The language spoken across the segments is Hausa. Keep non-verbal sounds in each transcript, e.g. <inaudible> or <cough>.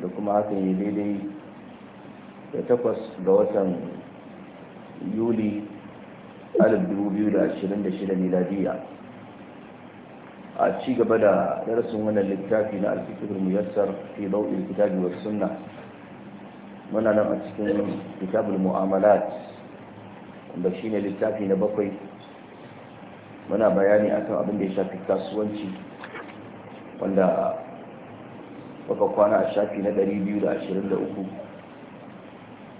da kuma haka yi daidai da takwas ga watan yuli 2026 miladiya a ci gaba da darasin wannan littafi na alfikir muyassar fi bau'in kitabi wa sunna muna nan a cikin kitabul mu'amalat wanda shine littafi na bakwai muna bayani akan abin da ya shafi kasuwanci wanda baka kwana a shafi na 223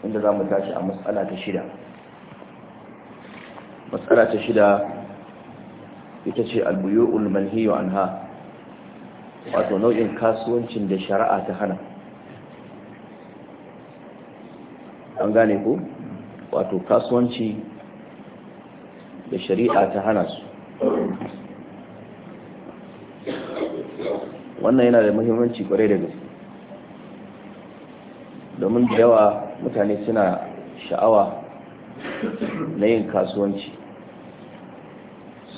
inda za mu tashi a matsala ta shida matsala ta shida ita ce albuyu'ul an anha wato nau'in kasuwancin da shari'a ta hana an gane ku wato kasuwanci da shari'a ta hana su wannan yana da muhimmanci kwarai da gaske domin da yawa mutane suna sha'awa na yin kasuwanci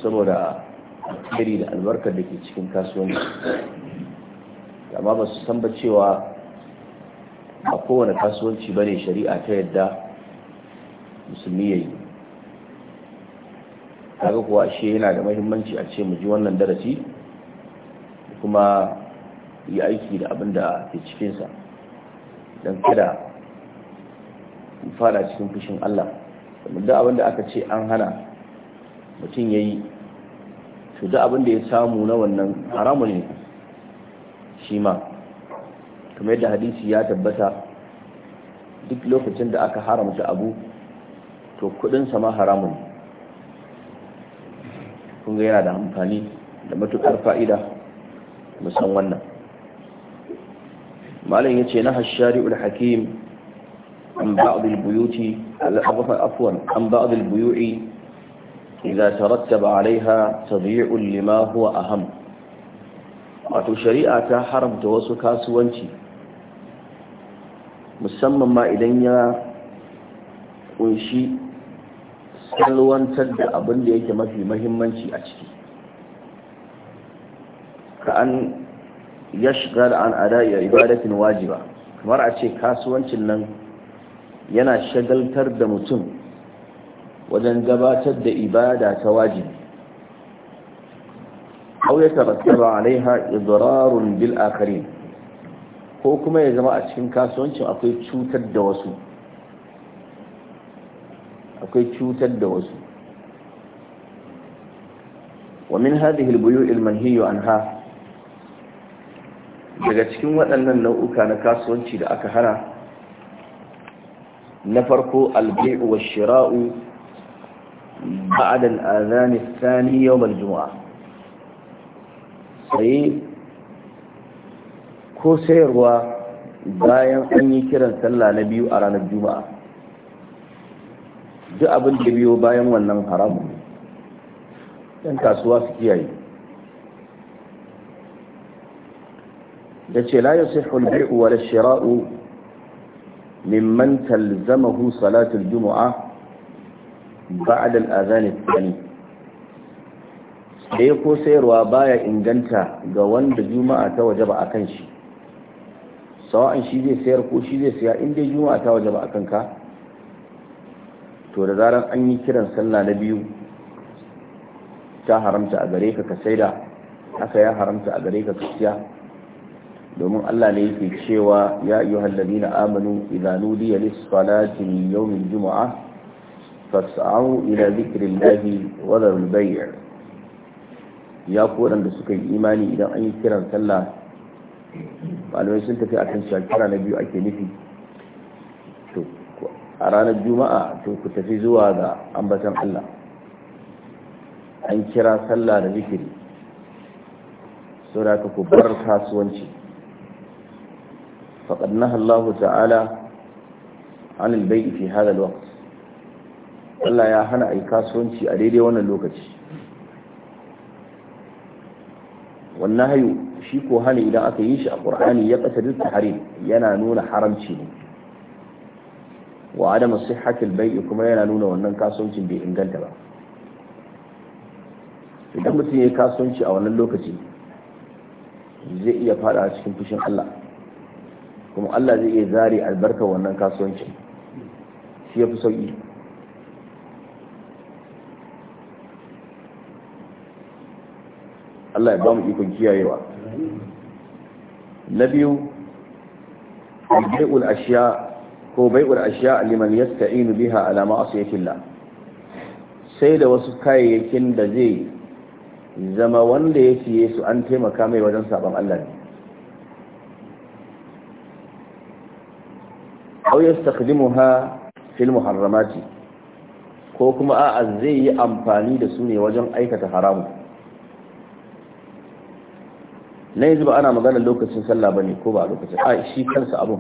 saboda alheri da albarkar da ke cikin kasuwanci amma ba su san ba cewa a kowane kasuwanci ba ne shari'a ta yadda musulmi ya yi kuwa shi yana da mahimmanci a ce mu ji wannan darasi kuma yi aiki da abin da ke cikinsa don kada fara cikin fushin Allah da abin da aka ce an hana mutum ya yi to da abin da ya samu na wannan haramun ne shi ma kamar yadda hadisi ya tabbata duk lokacin da aka haramta abu to kudinsa ma haramun kun yana da amfani da matukar fa'ida musan wannan malam yace na hashari'ul hakim an ba'd al-buyuti afwan an ba'd buyui idza tarattaba 'alayha tadhi'u lima huwa aham wato shari'a ta haramta wasu kasuwanci musamman ma idan ya kunshi salwantar da abin da yake mafi mahimmanci a ciki كأن يشغل عن أداء عبادة wajiba, kamar a ce kasuwancin nan yana shagaltar da mutum wajen gabatar da ibada ta wajibi aw ya tarattaba alaiha idrarun bil akharin ko kuma ya zama a cikin kasuwancin akwai cutar da wasu akwai cutar da wasu wa min hadhihi al buyu' al manhiy anha daga cikin waɗannan nau'uka na kasuwanci da aka hana na farko albi'u wa shira'u ba'ad al'adhan ath-thani yawm al-jum'a sai ko sayarwa bayan an yi kiran sallah na biyu a ranar juma'a duk abin da biyo bayan wannan haramun ɗan kasuwa su kiyaye yace la yasihhu al-bay'u wala shira'u mimman talzamahu salatu juma'a jumua a al-adhan tsani. thani sai ko sayarwa baya inganta ga wanda juma'a ta waje ba a kan shi sawa'an shi zai sayar ko shi zai saya in dai juma'a ta waje wajaba akan ka to da zarar an yi kiran sallah na biyu ta haramta a gare ka ka saida haka ya haramta a gare ka ka siya domin Allah ne yake cewa ya ayyuhal na amanu idza nudiya lis salati min yawmil ila dhikrillahi wa dharul ya ku da suka yi imani idan an yi kiran sallah malamai sun tafi a cewa kira na biyu ake nufi a ranar juma'a to ku tafi zuwa ga ambatan Allah an kira sallah da zikiri da ka ku bar kasuwanci فقد نهى الله تعالى عن البيع في هذا الوقت Allah ya hana a yi kasuwanci a daidai wannan lokaci wannan hayu shi ko hana idan aka yi shi a ƙur'ani ya ƙasa duk harim yana nuna haramci ne wa adama sihhatil bai'i kuma yana nuna wannan kasuwancin bai inganta ba idan mutum ya yi kasuwanci a wannan lokaci zai iya fada cikin fushin Allah kuma Allah zai iya zare albarkar wannan kasuwancin shi ya fi sauƙi Allah ya ba mu ikon kiyayewa na biyu bai'ul ashiya ko bai'ul ashiya liman yasta'inu biha ala ma'asiyatillah sai da wasu kayayyakin da zai zama wanda ya fiye su an taimaka mai wajen saban Allah ne aw yastakhdimuha fil muharramati ko kuma a'a zai yi amfani da su ne wajen aikata haramu na yanzu ba ana magana lokacin sallah bane ko ba lokacin a shi kansa abun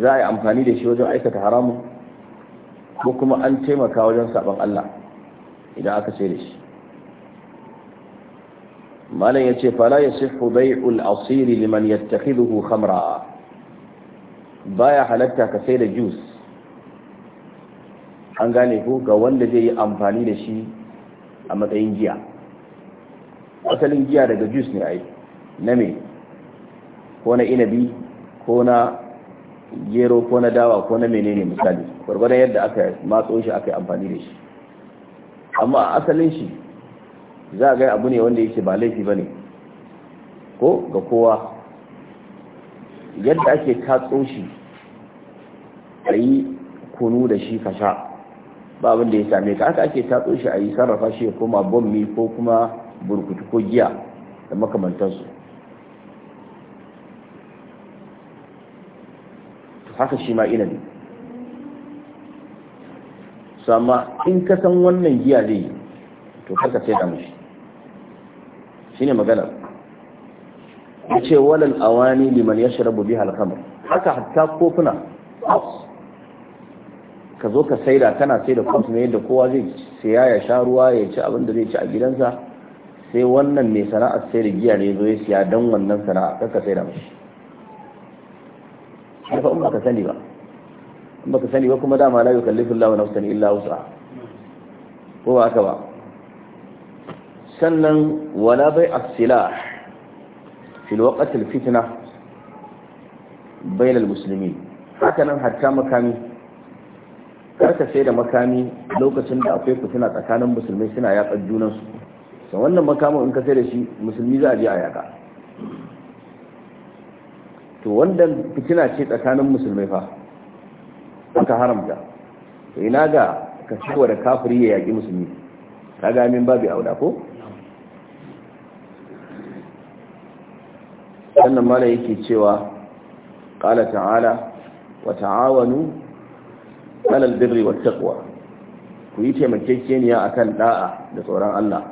za a yi amfani da shi wajen aikata haramun ko kuma an taimaka wajen saban Allah idan aka da shi malam ya ce fala ya sifu bai'ul asiri liman yattakhidhu khamra baya halatta ka sai da juice an gane ko ga wanda zai yi amfani da shi a matsayin giya asalin giya daga juice ne ai na me ko na inabi ko na gero ko na dawa ko na menene misali gwargwadon yadda aka matso shi aka yi amfani da shi amma a asalin shi za a gai abu ne wanda yake ba laifi ba ne ko ga kowa yadda ake tatso shi a yi kunu da shi kasha sha ba abinda ya same ka haka ake tatso shi a yi sarrafa shi ya koma bommi ko kuma burkutu ko giya da makamantarsu haka shi ma inabi sama in ka san wannan giya zai yi to haka sai da mashi shi ne magana ya ce walal awani liman ya shirabu biya alkamar haka hatta kofuna ka zo ka saida kana sai da kwamfu ne yadda kowa zai siya ya sha ruwa ya ci abin da zai ci a gidansa sai wannan mai sana'ar sai da giya ne zo ya siya don wannan sana'a kar ka saida da mashi haifa in baka sani ba in baka sani ba kuma dama la yukallifu Allahu nafsan illa wus'aha ko ba haka ba sannan wala bai as-silah fil waqt al-fitna bainal muslimin haka nan hatta makami karka sai da makami lokacin da akwai fitina tsakanin musulmi suna yaƙar junansu da wannan makama in ka sai da shi musulmi za a je a yaƙa to wannan fitina ce tsakanin musulmi fa aka haramta to ina ga ka ciwo da kafiri ya yaƙi musulmi ka ga min babu auda ko wannan mana yake cewa qala ta'ala wa ta'awanu alal birri wa taqwa ku yi taimakekeniya akan da'a da tsoron Allah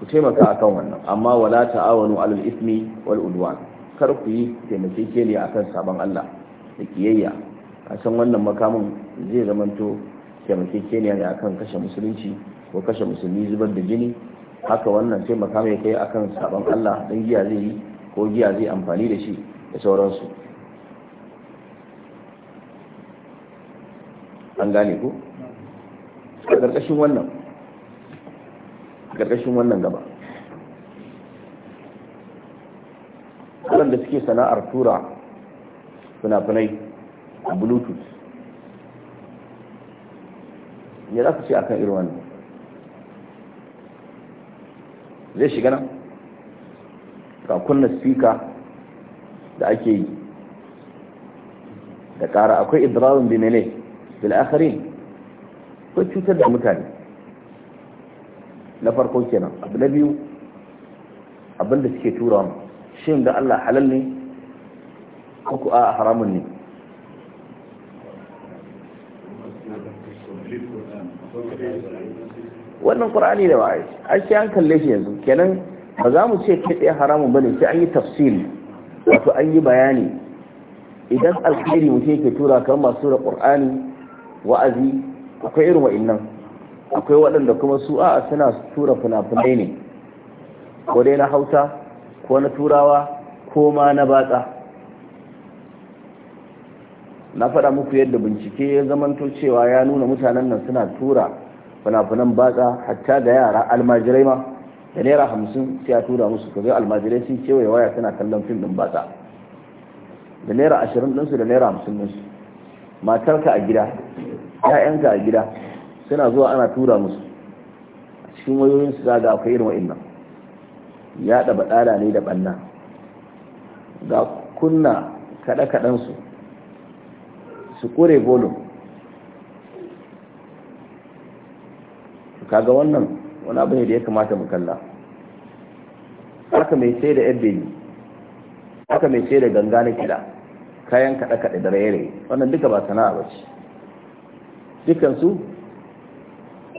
ku taimaka akan wannan amma wala ta'awanu alal ismi wal udwan kar ku yi taimakekeniya akan sabon Allah da kiyayya a san wannan makamin zai zamanto taimakekeniya ne akan kashe musulunci ko kashe musulmi zubar da jini haka wannan taimaka mai kai akan sabon Allah dan giya zai yi ko giya zai amfani da shi da sauransu an gane ko a ƙarƙashin wannan a ƙarƙashin wannan gaba da suke sana'ar tura fina-finai a bluetooth ya za su ce akan irin wannan zai shiga nan ga kunna speaker da ake yi da ƙara akwai idrarin bimele fil akhirin ko cutar da mutane na farko kenan abu na biyu tura shin da Allah a haramun wannan qur'ani da wa'ai ai sai an kalle shi yanzu kenan ba za mu ce kai tsaye haramun bane sai an yi tafsiri wato an yi bayani idan alkhairi mutum ke tura kan masu da qur'ani wa'azi akwai irin wa'innan akwai waɗanda kuma su a suna tura fina-finai ne ko dai na hausa ko na turawa ko ma na batsa na faɗa muku yadda bincike ya zamanto cewa ya nuna mutanen nan suna tura fina-finan batsa hatta da yara almajirai ma da naira hamsin sai a tura musu zai almajirai sun kewaye waya suna kallon fim ɗin batsa da naira ashirin ɗinsu da naira hamsin ɗinsu matarka a gida ka a gida suna zuwa ana tura musu a cikin wayoyin su zaga akwai irin wa'annan ya ɗaba badala ne da ɓanna ga kunna kaɗe kaɗan su su kore bolo kaga wannan wani abu ne da ya kamata mu kalla haka mai sai da ebeni haka mai sai da ganga na kiɗa kayan kaɗe-kaɗe da raye-raye wannan duka ba sana'a ba ce dukansu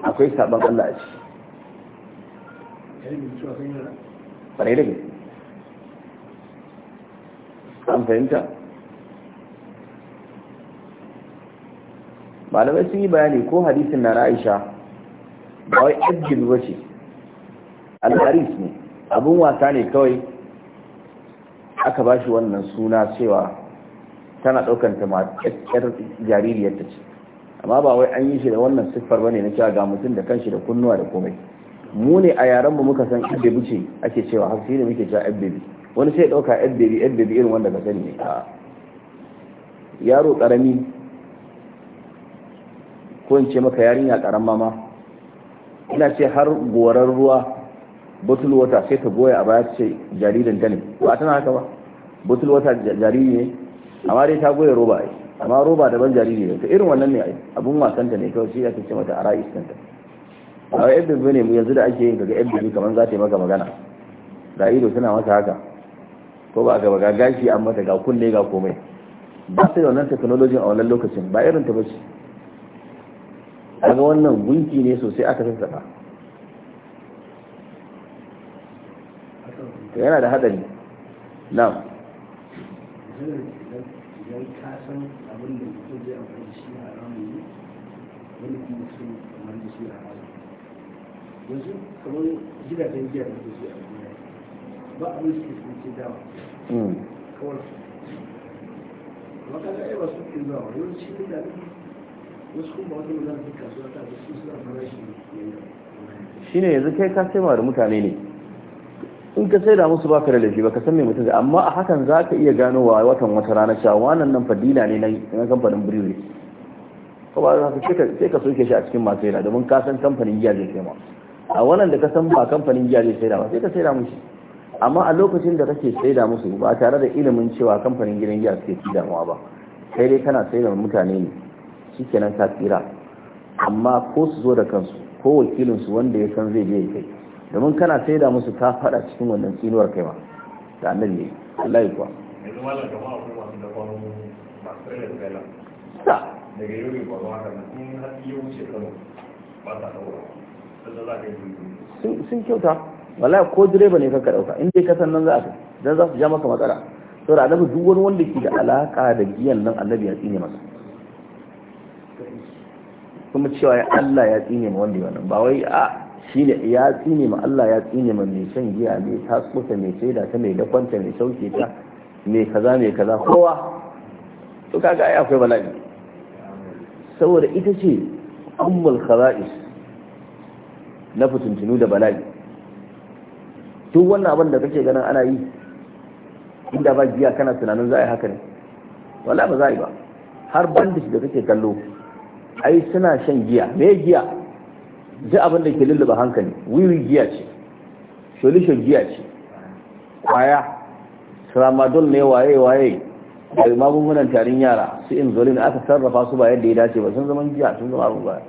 akwai sabon Allah a ciki da an fahimta malamai sun yi bayani ko hadisin na Aisha ba wai ajiyar wace alharis ne abin wasa ne kawai aka ba shi wannan suna cewa tana ɗaukanta ma jaririyar ta ce amma ba wai an yi shi da wannan siffar bane na cewa ga mutum da kanshi da kunnuwa da komai mu ne a yaran mu muka san abbebi ce ake cewa har ne muke cewa abbebi wani sai dauka abbebi abbebi irin wanda ka sani a yaro karami ko in ce maka yarinya karama ma ina ce har gorar ruwa bottle water sai ta goya a baya ce jaririn ta ne ba tana haka ba bottle water jariri ne amma dai ta goya roba ai amma roba daban jariri ne ta irin wannan ne abun wasan ne kawai shi ake ce mata a ra'is ɗinta a wai yadda ne mu yanzu da ake yin kaga yadda ne kaman za ta yi maka magana da ido suna masa haka ko ba ga ga gashi amma mata ga kunne ga komai ba sai da wannan technology a wannan lokacin ba irin ta bace kaga wannan gunki ne sosai aka sassaka yana da hadari na'am idan ka san abin da mutum zai amfani da shi a haramun ne wani kuma sun amfani da shi haramun yanzu kamar gidajen giya da su a da ba abin su sun ce dawa kawai maka ga ba su ke zuwa ba wani shi da wasu kuma ba wata magana su kasuwa ta da su suna farashi ne shine yanzu kai ka sai da mutane ne in ka sai da musu baka da laifi baka san me mutum amma a hakan za ka iya gano wa watan wata rana cewa wannan nan fadila ne na kamfanin brewery ko ba za ka sai ka soke shi a cikin masu yana domin ka san kamfanin giya zai kaima a wannan da ka san ba kamfanin giya zai sai da ba sai ka sai da amma a lokacin da kake sai da musu ba tare da ilimin cewa kamfanin gidan giya suke ci damuwa ba sai dai kana sai da mutane ne shikenan ka tsira amma ko su zo da kansu ko wakilin su wanda ya san zai je kai domin kana sai da musu ta fada cikin wannan tsinuwar kai ma da annan ne Allah ya kuwa sun kyauta wala ko direba ne kanka dauka in dai ka san nan za ka dan za su ja maka matsala saboda annabi duk wani wanda ke da alaka da giyan nan annabi ya tsine masa kuma cewa Allah ya tsine ma wanda ya wannan ba wai a shine ya tsine ma Allah ya tsine ma mai shan giya ta taskuta mai shaida ta mai dakwanta mai sauke ta mai kaza mai kaza kowa to kaga ai akwai bala'i saboda ita ce ummul khara'is na fitintinu da bala'i duk wannan abin da kake ganin ana yi inda ba giya kana tunanin za a yi haka ne wala ba za a yi ba har bandit da kake kallo ai suna shan giya me giya duk abin da ke lulluɓa hankali wiwi giya ce solution giya ce kwaya tramadol ne waye waye da magungunan tarin yara su insulin aka sarrafa su ba yadda ya dace ba sun zama giya sun zama abin baya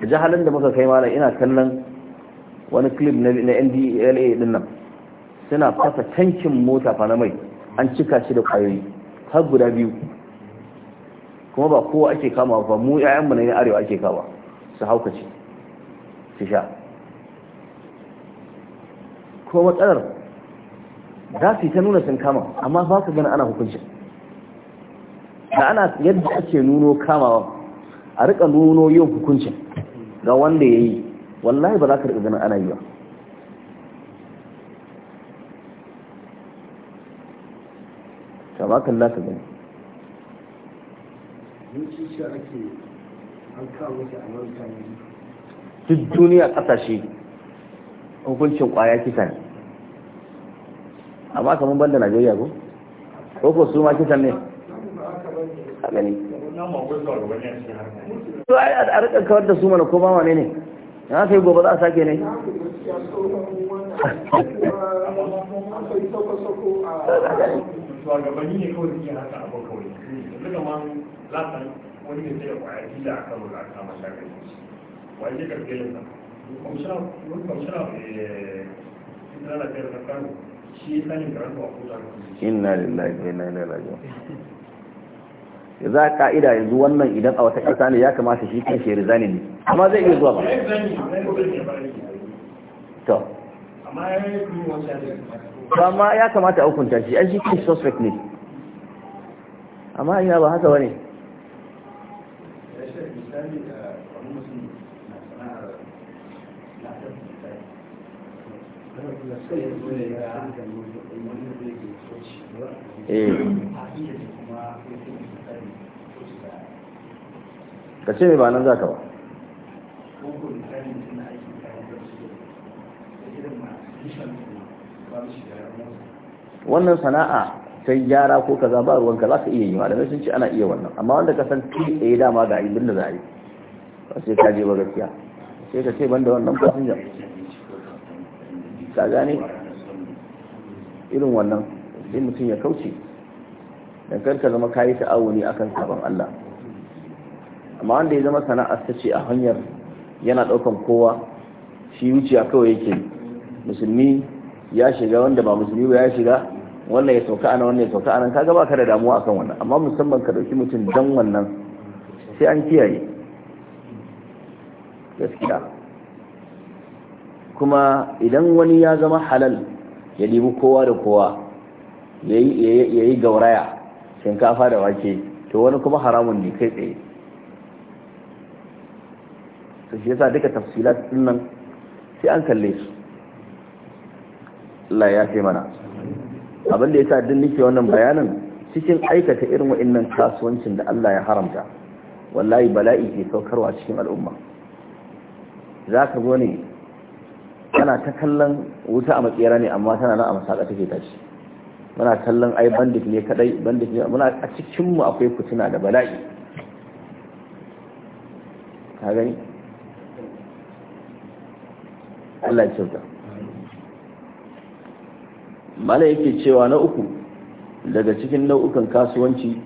da jahalin da muka kai mana ina kallon wani clip na ndla din nan suna fasa tankin mota fa na mai an cika shi da kwayoyi har guda biyu kuma ba kowa ake kama ba mu mu na arewa ake kama su haukace su sha ko matsalar za su yi ta nuna sun kama amma ba su gani ana hukunci da ana yadda ake nuno kamawa a rika nuno yin hukuncin ga wanda ya yi wallahi ba za ka rika ganin ana yi ba tabakan za ka gani shi ake an kawo wasu ne duk duniya kasashe hukuncin kwaya kisa ne amma kamar banda najeriya ko ko su ma kisan ne a gani to ai a rika kawar da su mana ko ba wane ne na kai gobe za a sake ne wani ne da kwaya a kan Eh, inna lillahi inna ilaihi raji'un za ka'ida yanzu wannan idan a wata ƙasa ne ya kamata shi kan shi rizani ne amma zai iya zuwa ba to amma ya kamata a hukunta shi an shi kan suspect ne amma ina ba haka bane Eh. ka ce mai ba nan za ka ba wannan sana'a ta gyara ko kaza ba ruwanka za ka iya yi malamai sun ce ana iya wannan amma wanda ka san tun tsaye dama ga abin da za a yi ba sai ka je ba gaskiya sai ka ce ban da wannan fasinja ka gane irin wannan sai mutum ya kauce don karka zama kayi ta'awuni akan sabon Allah amma wanda ya zama sana'ar ta ce a hanyar yana ɗaukan kowa shi wuciya kawai yake musulmi ya shiga wanda ba musulmi ba ya shiga wannan ya sauka ana wannan ya sauka ana kaga ba ka da damuwa akan wannan amma musamman ka dauki mutum dan wannan sai an kiyaye gaskiya kuma idan wani ya zama halal ya ɗibi kowa da kowa ya yi gauraya shinkafa da wake to wani kuma haramun ne kai tsaye to shi yasa duka tafsilat din nan sai an kalle su Allah ya sai mana abin da sa din nake wannan bayanin cikin aikata irin wa'annan kasuwancin da Allah ya haramta wallahi bala'i ke saukarwa cikin al'umma za ka zo ne tana ta kallon wuta a matsayara ne amma tana nan a masaka take tashi muna kallon ai bandit ne kadai bandit ne muna a cikin mu akwai fitina da bala'i ka gani Allah ya kyauta mala yake cewa na uku daga cikin nau'ukan kasuwanci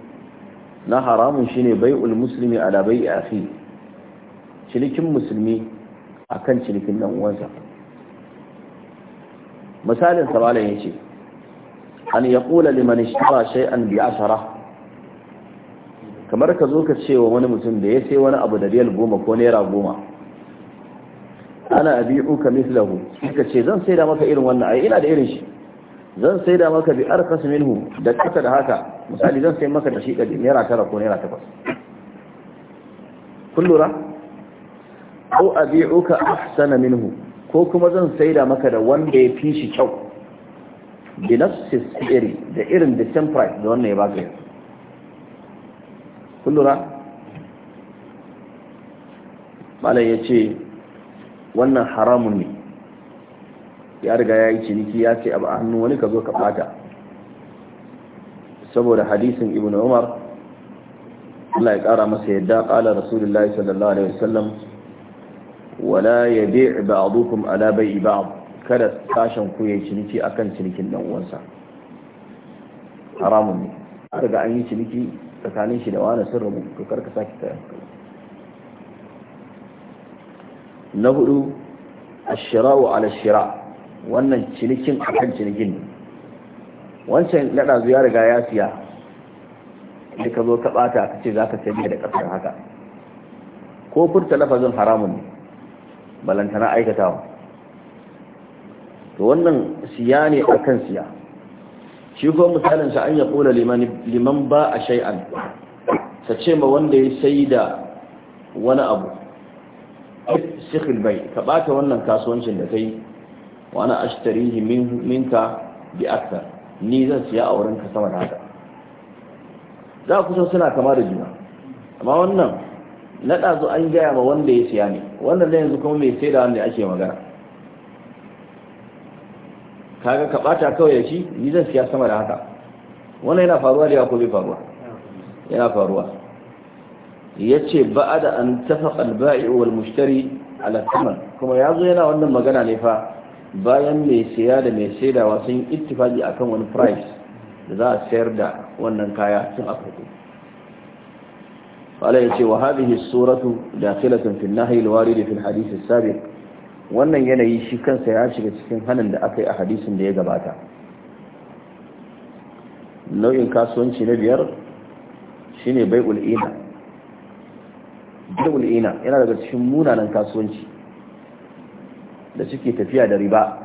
na haramun shine bai'ul muslimi ala bai'i akhi cinikin musulmi akan cinikin dan uwansa misalin sa malam ce. an yaqula liman ishtara an bi ashara kamar ka zo ka ce wa wani mutum da ya sai wani abu da riyal goma ko naira goma ana abi'u uka mislahu ka ce zan sai da maka irin wannan ai ina da irin shi zan sai da maka bi arqas minhu da kaka da haka misali zan sai maka da shi da naira tara ko naira takwas kun lura ko abi'u uka, ahsana minhu ko kuma zan saida maka da wanda ya fi shi kyau the nafsi da irin da same price da wannan ya baka yanzu kun lura malam ya ce wannan haramun ne ya riga ya yi ciniki ya ce abu a hannu wani ka zo ka bata saboda hadisin ibn umar Allah ya kara masa yadda kala rasulullahi sallallahu alaihi wasallam wala ya bi ba'dukum ala alabai ba'd kada sashen ku yayi ciniki akan cinikin dan uwansa haramun ne daga an yi ciniki tsakanin shi da wani sun rabu to karka saki ta na hudu ashira'u ala shira wannan cinikin akan cinikin ne wancan nada zuya riga ya siya da ka zo ka bata ka ce za ka sayar da ƙasar haka ko furta lafazin haramun ne na aikatawa to wannan siya ne akan siya shi kuma misalin sa an ya kula liman ba a shay'an ta ce ma wanda ya sai da wani abu sikhil bai ka ɓata wannan kasuwancin da kai wani ashtarihi minka bi aka ni zan siya a wurinka sama da haka za ku san suna kama da juna amma wannan na ɗazu an gaya ma wanda ya siya ne wannan da yanzu kuma mai sai da wanda ake magana kaga ka ɓata kawai ya shi ni zan siya sama da haka wannan yana faruwa da yakubi faruwa yana faruwa ya ce ba da an tafa alba'i wal mushtari ala kuma ya zo yana wannan magana ne fa bayan mai siya da mai saidawa sun yi ittifaki akan wani price da za a sayar da wannan kaya tun a farko قال يتي وهذه السورة داخلة في النهي الوارد في الحديث السابق wannan yanayi shi kansa ya shiga cikin hannun da aka yi a hadisin da ya gabata nau'in kasuwanci na biyar shine bai ul'ina yana daga cikin munanan kasuwanci da suke tafiya da riba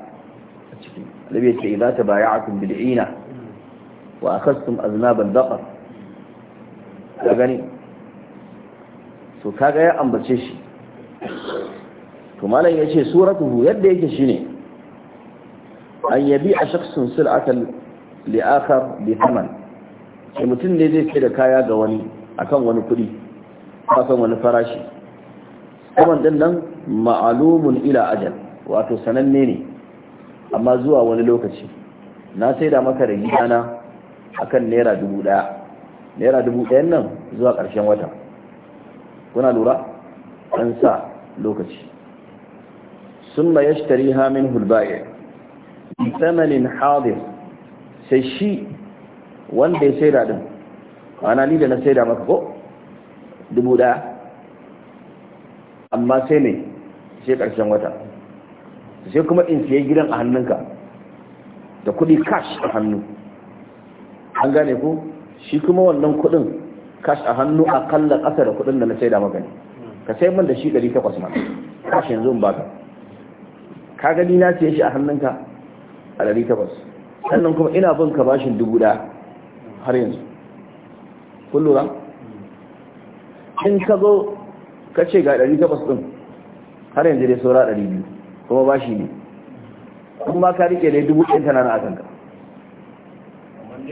a ciki alibi ce idza tabaya'akum bil'ina wa to kaga ya ambace shi to malam ya ce suratuhu yadda yake shine an yabi a shaksun sil'atan li'akar bi haman sai mutum ne zai ke da kaya ga wani akan wani kudi akan wani farashi saman din nan ma'alumun ila ajal wato sananne ne amma zuwa wani lokaci na sai da maka da gidana akan naira dubu daya naira dubu dayan nan zuwa ƙarshen wata kuna lura an sa lokaci summa yashtariha minhu al bi thamanin hadir sai shi wanda ya saida din ana ni da na saida maka ko dubu daya amma sai ne sai karshen wata sai kuma in siya gidan a hannunka da kudi cash a hannu an gane ko shi kuma wannan kudin kash a hannu a kalla ƙasa da kuɗin da na sai da magani ka sai min da shi ɗari takwas ma kash yanzu in ka ka gani na ce shi a hannunka a ɗari takwas sannan kuma ina bin ka bashin dubu ɗaya har yanzu kun lura in ka zo ka ce ga ɗari takwas ɗin har yanzu dai saura ɗari biyu kuma bashi ne Kun ba ka riƙe dai dubu ɗin tana na akanka. a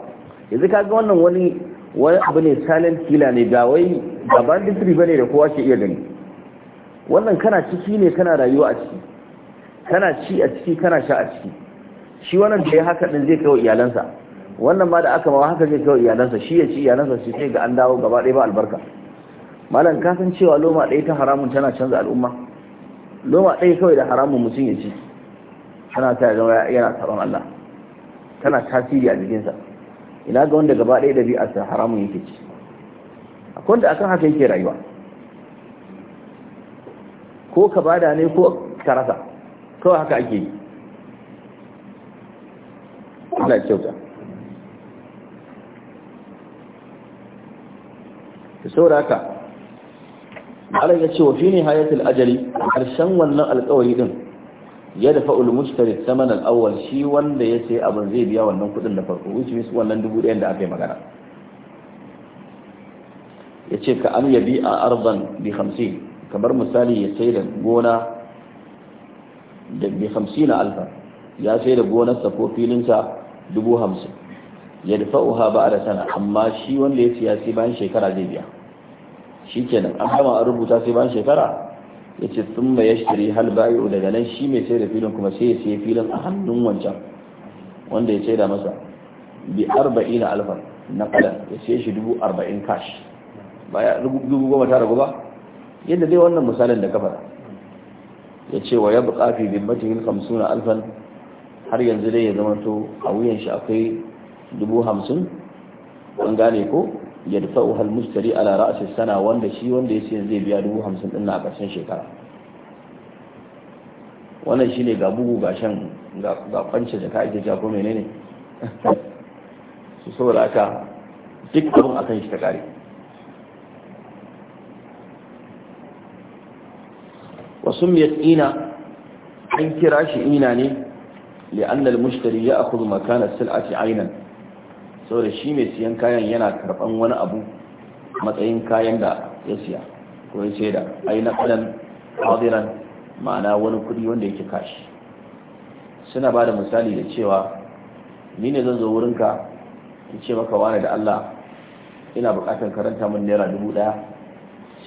yanzu kaga wannan wani wani abu ne silent killer ne ga wai ga banditry bane da kowa ke iya gani wannan kana ciki ne kana rayuwa a ciki kana ci a ciki kana sha a ciki shi wannan da ya haka din zai kawo iyalansa wannan ma da aka ma haka zai kawo iyalansa shi ya ci iyalansa shi sai ga an dawo gaba ɗaya ba albarka malam ka san cewa loma ɗaya ta haramun tana canza al'umma loma ɗaya kawai da haramun mutum ya ci tana ta zama yana tsaron Allah tana tasiri a jikinsa ina ga wanda gaba ɗaya ɗabi'a sa haramun yake ci akwai wanda akan haka yake rayuwa ko ka bada ne ko ka rasa kawai haka ake yi ana kyauta ta saura haka malar ya ce wa fi ne hayatul ajali ƙarshen wannan alƙawari din ya dafa ulmustari saman awal shi wanda ya sai abin zai biya wannan kudin da farko which means wannan dubu ɗayan da aka yi magana ya ce ka an yabi a arzan bi hamsin kamar misali ya sai da gona da bi hamsin na alfa ya sai da gonarsa ko filinsa dubu hamsin ya dafa uha ba da sana amma shi wanda ya siya sai bayan shekara zai biya shi kenan an kama an rubuta sai bayan shekara ya ce sun ba ya shiri hal bayi daga nan shi mai sai da filin kuma sai ya sai filin a hannun wancan wanda ya sai da masa bi arba'ina alfan na kalan ya sai shi dubu arba'in cash ba ya dubu goma ta ragu ba yadda dai wannan misalin da kafa ya ce wa ya buƙa fi bimmatihin na alfan har yanzu dai ya zama to a wuyan shi akwai dubu hamsin an gane ko yadfa'uha al-mushtari a ra's sana wanda shi wanda ya siya zai biya dubu hamsin din a ƙarshen shekara wannan shi ne ga bugu ga shan ga kwance da ka ake ja ko menene su <laughs> saboda haka duk abin akan shi ta kare wasu ina an kira shi ina ne li'annal mushtari ya akhudhu makana sil'ati aynan saboda shi mai siyan kayan yana karɓan wani abu matsayin kayan da ya siya ko ya ce da ai na kadan ma'ana wani kuɗi wanda yake kashi suna ba da misali da cewa ni ne zan zo wurinka in ce maka wani da Allah ina buƙatar karanta min naira dubu ɗaya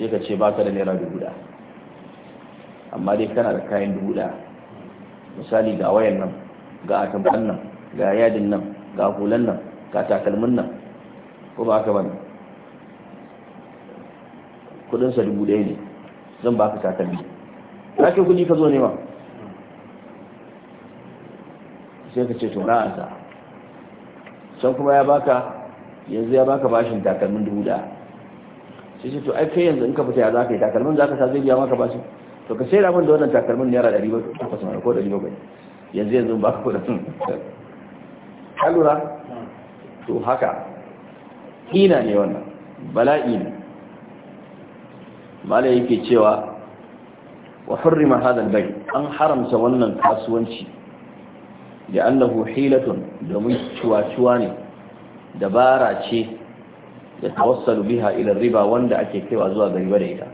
sai ka ce baka da naira dubu ɗaya amma dai kana da kayan dubu ɗaya misali ga wayan nan ga atamfan nan ga yadin nan ga hulan nan ga takalmin nan ko ba ka bane kudin sa dubu ɗaya ne zan ba ka takalmi ka kai kudi ka zo ne ma sai ka ce to na ansa can kuma ya baka yanzu ya baka bashin takalmin dubu ɗaya sai ce to ai kai yanzu in ka fita ya za ka yi takalmin za ka sa zai biya maka bashin to ka sai da da wannan takalmin naira ɗari bakwai ko ɗari bakwai yanzu yanzu ba ka kudin sun lura to haka hina ne wannan bala'i ne mala yake cewa wa hurrima hadha al an haramta wannan kasuwanci da annahu hilatun domin ciwaciwa ne dabara ce da tawassalu biha ila riba wanda ake kaiwa zuwa ga riba da ita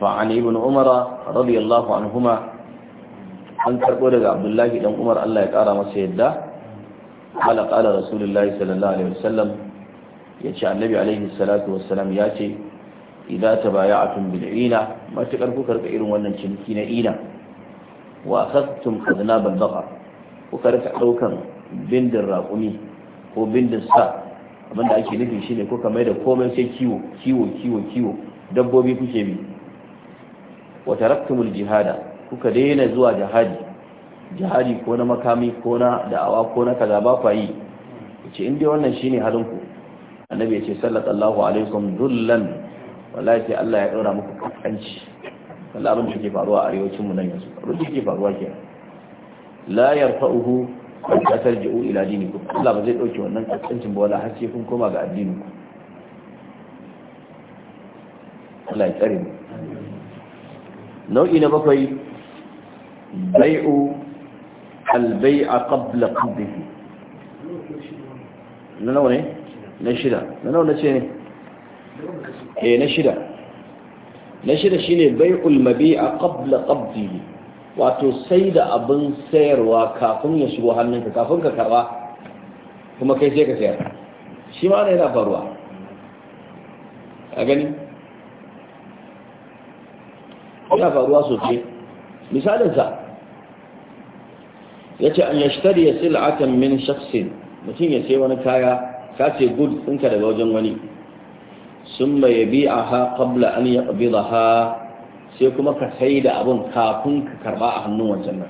fa an ibn umar radiyallahu anhuma an karbo daga abdullahi dan umar Allah ya kara masa yadda ala qala rasulullahi sallallahu alaihi wasallam ce annabi alaihi salatu wassalam ta baya a bil ina matuƙar kuka rika irin wannan ciniki na ina wa akhadtum adnab al kuka rika ɗaukan bindin raƙumi ko bindin sa abinda ake nufi shine kuka mai da komai sai kiwo kiwo kiwo kiwo dabbobi kuke bi wa taraktumul jihada kuka daina zuwa jihadi jihadi ko na makami ko na da'awa ko na kaza ba fa yi ce inda wannan shine halin ku annabi ya ce sallallahu alaikum dullan wallahi sai Allah ya daura muku kanci wallahi abin da yake faruwa a arewacin mu nan yanzu abin da yake faruwa kenan la yarfa'uhu an tarji'u ila dinikum Allah ba zai dauke wannan kancin ba wala har sai kun koma ga addinin ku Allah ya tsare mu nau'i na bakwai bai'u Albai a البيع قبل Na nawa ne na shida Na nawa na ce ne eh na shida na shida shi ne bai ulmabi a qabla qabdihi wato sai da abin sayarwa kafin ya shigo hannunka kafin ka karba kuma kai sai ka sayar shi ma ne yana faruwa a gani yana faruwa sosai misalinsa ce an yashtari sil'atan min shaksin mutum ya sai wani kaya ka ce good ɗinka daga wajen wani sun ya bi a ha ƙabla an ya ƙabi da ha sai kuma ka sai da abin kafin ka karɓa a hannun wancan nan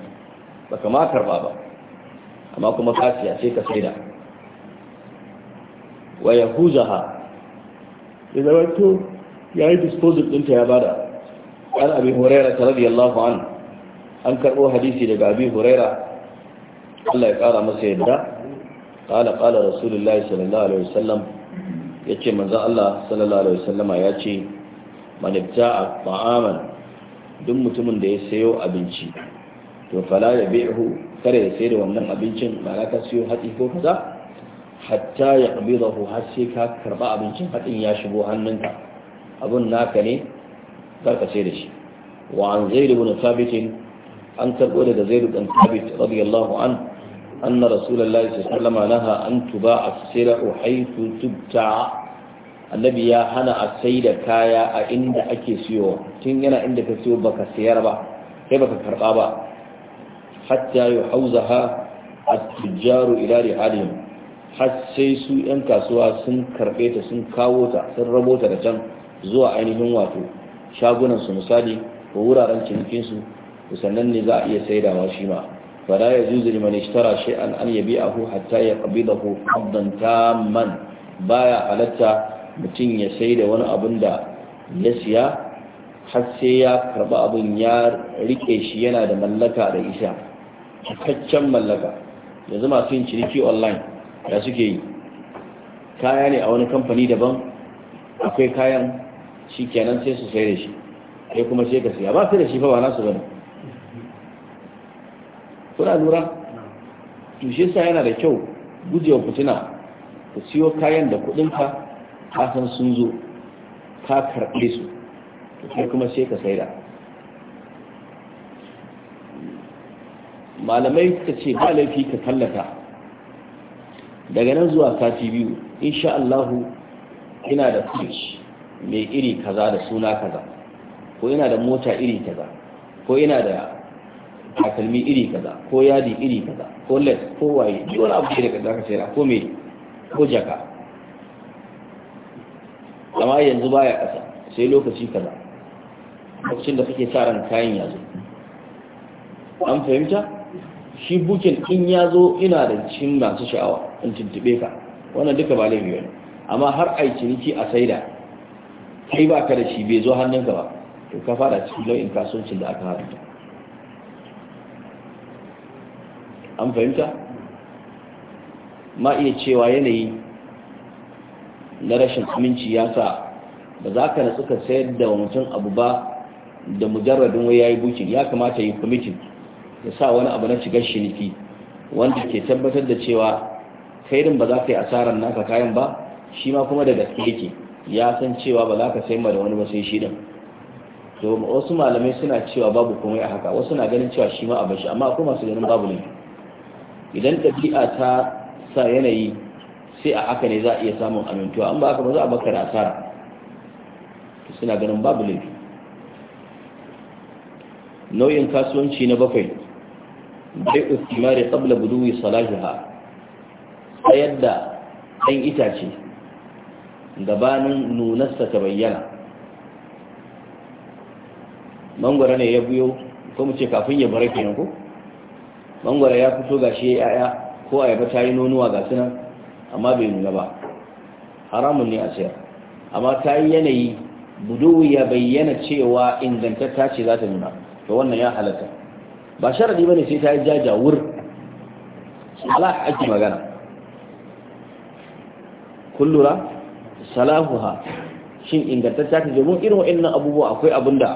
ba ka ma karɓa ba amma kuma ka siya sai ka sai da wa ya huza ha ya zama to ya yi disposal ɗinta ya bada an abi huraira ta radiyallahu an an karɓo hadisi daga abi huraira Allah ya ƙara masa yadda ƙala ƙala rasulullahi sallallahu alaihi wasallam ya ce manzan Allah sallallahu alaihi wasallama ya ce manibta a ma'aman duk mutumin da ya sayo abinci to fala ya bi'hu kare ya sayar da wannan abincin ba za ka siyo hatsi ko kaza hatta ya ƙabidahu har sai ka karɓa abincin hatsin ya shigo hannunka abun naka ne ka sayar da shi wa an zaidu bin sabitin an karɓo daga zaidu ɗan sabit radiyallahu an أن رسول الله صلى الله عليه وسلم نهى أن تباع السلع حيث تبتاع النبي يا هنا السيد كايا عند أكي سيو تنين عندك سيو بك سيارة با كيف كرقابة حتى يحوزها التجار إلى رحالهم har sai su 'yan kasuwa sun karɓe ta sun kawo ta sun rabo ta da can zuwa ainihin wato shagunansu misali ko wuraren cinikinsu sannan ne za a iya saidawa shi ma فلا يجوز لمن اشترى شيئا ان يبيع هو حتى يقبضه قبضا تاما بايع mutum ya متين da wani abun da ya siya har sai ya karba abin ya rike shi yana da mallaka da isa cikakken mallaka yanzu masu yin ciniki online da suke yi kaya ne a wani kamfani daban akwai kayan shi kenan sai su sai da shi kai kuma sai ka siya ba su da shi fa ba nasu bane kuna lura to shi yasa yana da kyau gujewa fitina ka siyo kayan da kuɗinka ka san sun zo ka karɓe su to kai kuma sai ka saida malamai ka ce ba laifi ka tallata daga nan zuwa sati biyu insha Allahu ina da fridge mai iri kaza da suna kaza ko ina da mota iri kaza ko ina da takalmi iri kaza ko yadi iri kaza ko les ko waye duk wani abu da kaza ka sayar ko me ko jaka amma yanzu baya kasa sai lokaci kaza lokacin da kake sa ran kayan yazo an fahimta shi bukin in yazo ina da cikin masu sha'awa in tuntuɓe ka wannan duka ba laifi ne, amma har ai ciniki a saida kai baka da shi bai zo hannunka ba to ka fara cikin nau'in kasuwancin da aka haramta an fahimta ma iya cewa yanayi na rashin aminci ya sa ba za ka nasu ka sayar da mutum abu ba da mujarradin wai yi bukin ya kamata yi kwamitin ya sa wani abu na shigar shiniki wanda ke tabbatar da cewa kairin ba za ka yi asarar naka kayan ba shi ma kuma da gaske yake ya san cewa ba za ka sai da wani ba sai shi din to wasu malamai suna cewa babu komai a haka wasu na ganin cewa shi ma a bashi amma akwai masu ganin babu ne idan ɗabi'a ta sa yanayi sai a haka ne za a iya samun amintuwa an ba haka ba za a baka asara suna ganin babu laifi nau'in kasuwanci na bakwai bai ustimari qabla buduwi salahiha tsayar da ɗan itace gabanin nunarsa ta bayyana mangwara ne ya biyo ko mu ce kafin ya bara kenan ko bangwara ya fito gashi ya yaya ko ayaba ta yi nonuwa ga sunan amma bai nuna ba haramun ne a sayar amma ta yi yanayi buduwi ya bayyana cewa ingantatta ce za ta nuna to wannan ya halatta ba sharadi bane sai ta yi jajawur salah ake magana kullura salahuha shin ingantatta ta domin irin wa'annan abubuwa akwai abinda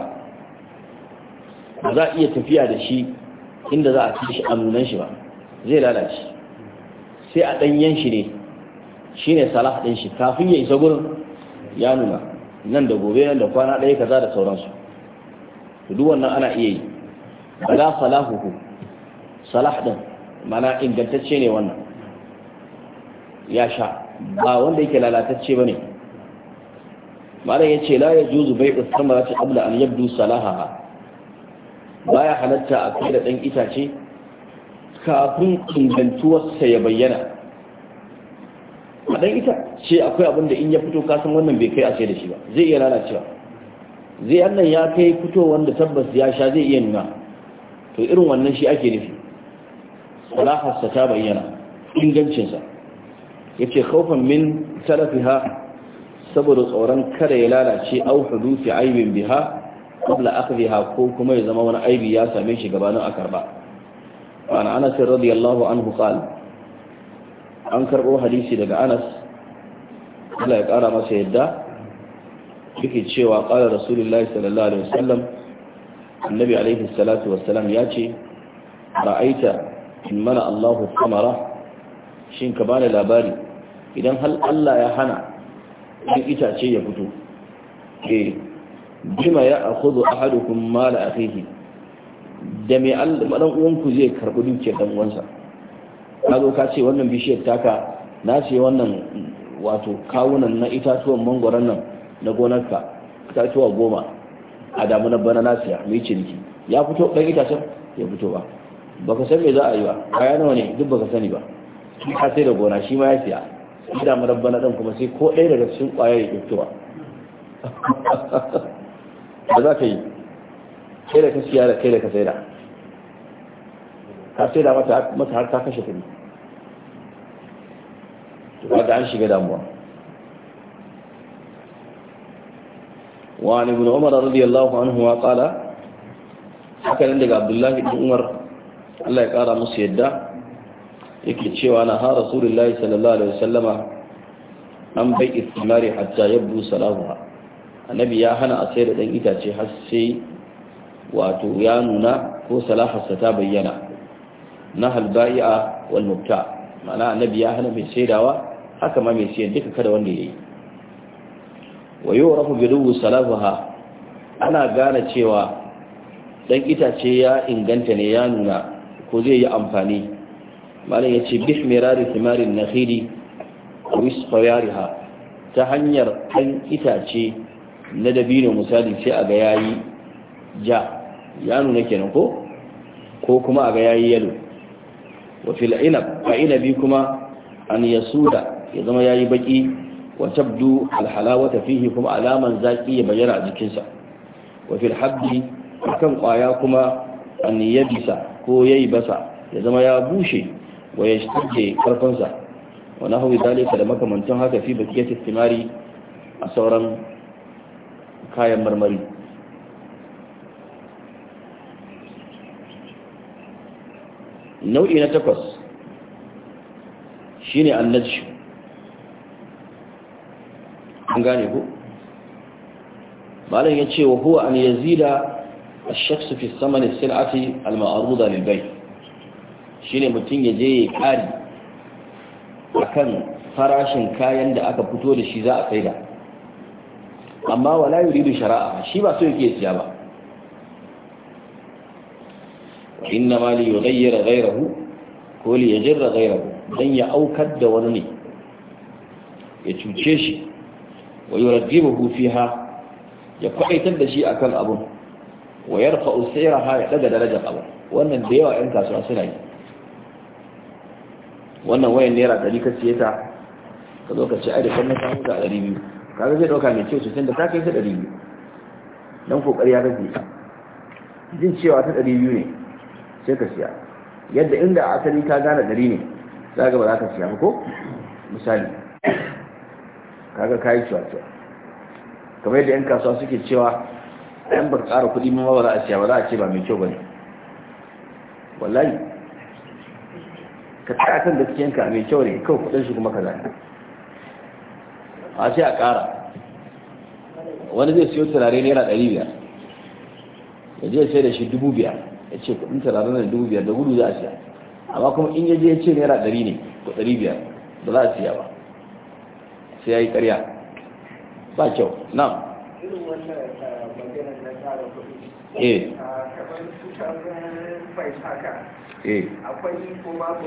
za a iya tafiya da shi inda za a ci shi a nunan shi ba zai lalace sai a ɗanyen shi ne shi ne salah ɗin shi kafin ya isa gurin ya nuna nan da gobe nan da kwana ɗaya kaza da sauransu duk wannan ana iya yi bala salahuhu salah ɗin mana ingantacce ne wannan ya sha ba wanda yake lalatacce ba ne malam ya ce la ya juzu bai usamara abu da an yabdu salaha baya halatta a kai da ɗan itace kafin ingantuwarsa ya bayyana a ɗan ita ce akwai abin da in ya fito kasan wannan bai kai a sai da shi ba zai iya lalacewa zai annan ya kai fito wanda tabbas ya sha zai iya nuna to irin wannan shi ake nufi salahasta ta bayyana ingancinsa ya ce kaufan min salafiha saboda tsoron kada ya lalace au fi aibin biha qabla akhdhiha ko kuma ya zama wani aibi ya same shi gabanin a karba an anas radiyallahu anhu qala an karbo hadisi daga anas Allah ya kara masa yadda yake cewa qala rasulullahi sallallahu alaihi wasallam annabi alaihi salatu wassalam ya ce ra'aita in mana Allahu kamara shin ka bani labari idan hal Allah ya hana ita itace ya fito eh bima ya akhudhu ahadukum mal akhihi da mai dan uwanku zai karɓi dukiyar dan uwansa Na zo ka ce wannan bishiyar taka na ce wannan wato kawunan na itatuwan mangwaron nan na gonarka itatuwa goma a bana na bana nasiya mai ciniki ya fito dan itacen ya fito ba baka san me za a yi ba kaya nawa ne duk baka sani ba ka sai da gona shi ma ya siya da mu na dan kuma sai ko ɗaya daga cikin ƙwayar ya fito ba <laughs> ba za ka yi kai da ka siya da kai da ka saida ka saida mata har ta kashe kuɗi wadda an shiga damuwa وعن ابن عمر رضي الله عنهما قال حكى عندك عبد الله بن عمر الله يقرا مس يدا yake cewa na ha rasulullahi sallallahu alaihi wasallama an bai istimari hatta yabdu salahuha annabi ya hana a sayar da ɗan itace har sai wato ya nuna ko salafarsa ta bayyana na halba'i'a wal mubta ma'ana annabi ya hana mai saidawa haka ma mai sayar duka kada wanda yayi wa yurafu bidu salafaha ana gane cewa ɗan itace ya inganta ne ya nuna ko zai yi amfani malam yace bihmirari thimarin nakhili wa isqayariha ta hanyar ɗan itace na dabino misali sai a ga yayi ja ya nuna kenan ko ko kuma a ga yayi yalo wa fil inab fa inabi kuma an yasuda ya zama yayi baki wa tabdu al halawata fihi kuma alaman zaki ya bayyana a jikinsa wa fil habbi kan kwaya kuma an yabisa ko yayi basa ya zama ya bushe wa ya shige karfansa wa nahwi dalika da makamantan haka fi bakiyat istimari a sauran kayan marmari nau'i na takwas shine annaj an gane ku malam ce, wa huwa an yazida الشخص في الثمن السلعة المعروضة shi shine mutum ya je ya kari kan farashin kayan da aka fito da shi za a saida amma wala yi yuridu shari'a shi ba so yake siya ba inna ma li yughayyira ghayrahu ko li yajra ghayrahu dan ya aukar da wani ne ya cuce shi wa yuradibuhu fiha ya kwaitar da shi akan abun wa yarfa'u sayraha ya daga darajar abu wannan da yawa yan kasuwa suna yi wannan wayan naira ɗari ka siye ta ka zo ka ci ai da kan na samu ta ɗari biyu kaga zai dauka mai cewa ce da ta kai ta ɗari biyu don kokari ya rage jin cewa ta ɗari biyu ne sai ka siya yadda inda a asali ka gane ɗari ne za ga ba za ka siya ba ko misali kaga kayi cewa cewa kamar yadda 'yan kasuwa suke cewa ɗan ba ƙara kuɗi ma ba za a siya ba za a ce ba mai kyau ba ne wallahi ka tsaya kan gaskiyanka mai kyau ne kawai kuɗin shi kuma ka zaɓi a sai a ƙara wani zai siyo turare naira ɗari biyar ya je sai da shi dubu biyar ya ce kuɗin turare na dubu biyar da gudu za a siya amma kuma in ya je ya ce naira ɗari ne ko ɗari biyar ba za a siya ba sai ya yi ƙarya ba kyau eh, na eh ah, kamar 2005 haka eh akwai ko babu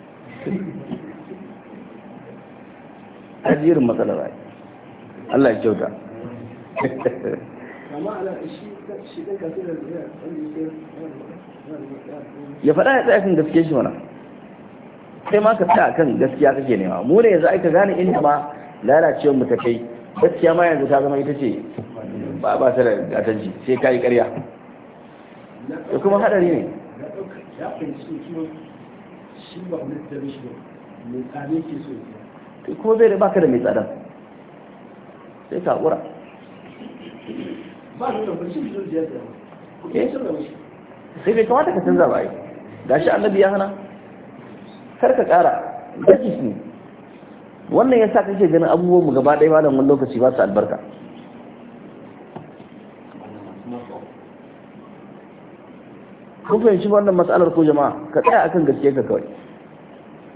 ajiyarin matsalar ba Allah ya kyauta ya faɗa ya tsaya gaske shi mana sai ma ka tsaya kan gaskiya kake nema mu ne yanzu aika gane inda ma lalacewar mu ta kai gaskiya ma yanzu ta zama ita ce ba ba ta da gatanci sai ka yi karya, da kuma haɗari ne shi ba wani shi mishi mai tsada yake so kai kuma bai da baka da mai tsada sai ka hakura ba da ba shi ne zuciya da sai bai kamata ka canza ba yi shi annabi ya hana kar ka kara gajis ne wannan ya yasa kake ganin abubuwan mu gaba ɗaya malam wani lokaci ba su albarka kun fahimci wannan matsalar ko jama'a ka tsaya akan gaske ka kawai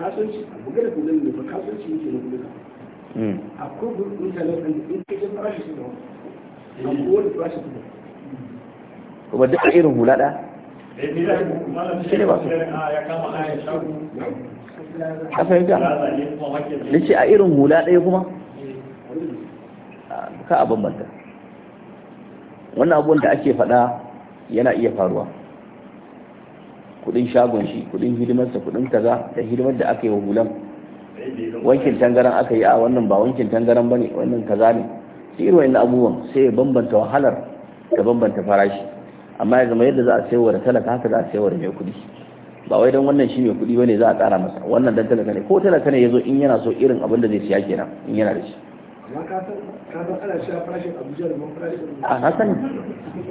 kasuwanci bugar da kudin ne ba kasuwanci yake na hmm. kudin a in farashi su wani eh. a farashi su kuma duk irin hula ɗaya eh, shi ne ba su ah, ka da a irin hula ɗaya kuma eh. ah, ka a bambanta wannan abubuwan da ake faɗa yana iya faruwa kudin shagon shi kudin hidimarsa kudin kaza da hidimar da aka yi wa hulan wankin tangaran aka yi a wannan ba wankin tangaran bane wannan kaza ne su irin wa'in abubuwan sai ya bambanta wahalar da bambanta farashi amma ya zama yadda za a sayarwa da talaka haka za a sayarwa da mai kudi ba wai don wannan shi mai kudi bane za a kara masa wannan dan talaka ne ko talaka ne ya zo in yana so irin abin da zai siya kenan in yana da shi a na sani